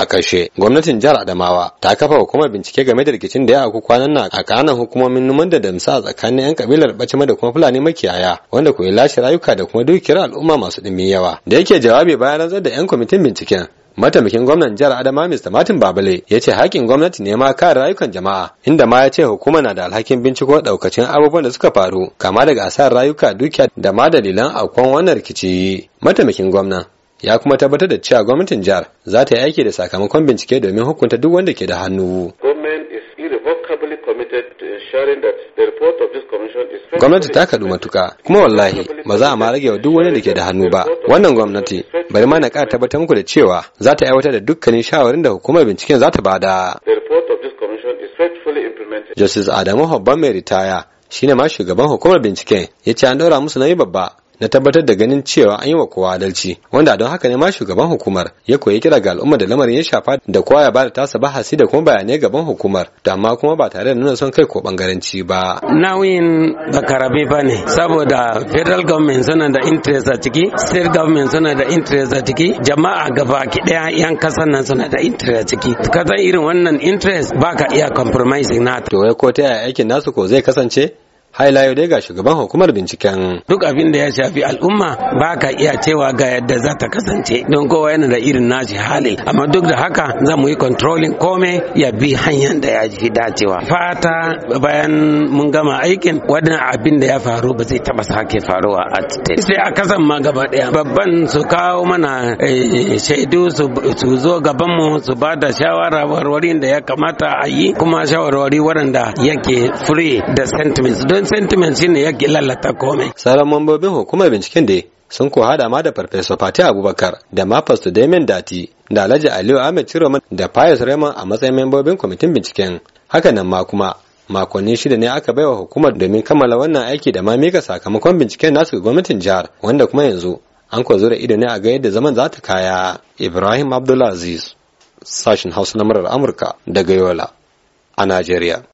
a ƙarshe gwamnatin jihar adamawa ta kafa hukumar bincike game da rikicin da ya auku kwanan nan a ƙananan hukumomin numan da damsa a tsakanin yan kabilar bacima da kuma fulani makiyaya wanda kuyi lashe rayuka da kuma dukiyar al'umma masu ɗimbin yawa da yake jawabi bayan rantsar da yan kwamitin binciken mataimakin gwamnan jihar adama mr martin babale ya ce haƙƙin gwamnati ne ma kare rayukan jama'a inda ma ya ce hukuma na da alhakin binciko ɗaukacin abubuwan da suka faru kama daga asarar rayuka dukiya da ma dalilan aukuwan wannan rikici mataimakin gwamnan ya kuma tabbatar da cewa gwamnatin jihar za ta yi aiki da sakamakon bincike domin hukunta duk wanda ke da hannu. Gwamnati ta kaɗu matuka kuma wallahi ba za a ma rage wa duk wani da ke da hannu ba. Wannan gwamnati bari ma na ƙara tabbatar muku da cewa za ta aiwatar da dukkanin shawarin da hukumar binciken za ta bada. Justice Adamu Hobban mai ritaya shi ne ma shugaban hukumar binciken ya ce an ɗaura musu nauyi babba na tabbatar da ganin cewa an yi wa kowa adalci wanda don haka ne ma shugaban hukumar ya koyi kira ga al'umma da lamarin ya shafa da kowa ya bada tasa bahasi da kuma bayanai gaban hukumar da amma kuma ba tare da nuna son kai ko bangaranci ba nauyin ba karabe ba ne saboda federal government suna da interest a ciki state government suna da interest a ciki jama'a gaba ki daya yan kasan nan suna da interest a ciki ka irin wannan interest baka iya compromising na to ko ta yaya aikin nasu ko zai kasance hailayo dai ga shugaban hukumar binciken duk abin da ya shafi al'umma ba ka iya cewa ga yadda za ta kasance don kowa yana da irin nashi hali amma duk da haka za mu yi controlling kome ya bi hanyar da ya fi dacewa fata bayan mun gama aikin wadda abin da ya faru ba zai taba sake faruwa a state sai a kasan ma gaba daya babban su kawo mana eh, shaidu su zo gaban mu su ba da shawarwarin da ya kamata a yi kuma shawarwari waɗanda yake free da sentiments wannan sentiment shine ya lalata komai sauran mambobin hukumar binciken da sun ko hada ma da farfesa Fati Abubakar da ma Pastor Damien Dati da Alhaji Aliyu Ahmed Chiroman da Pius Raymond a matsayin mambobin kwamitin binciken nan ma kuma makonni shida ne aka baiwa hukumar domin kammala wannan aiki da ma mika sakamakon binciken nasu ga gwamnatin jihar wanda kuma yanzu an ko da ido ne a ga yadda zaman za ta kaya Ibrahim Abdulaziz sashin Hausa na murar Amurka daga Yola a nigeria.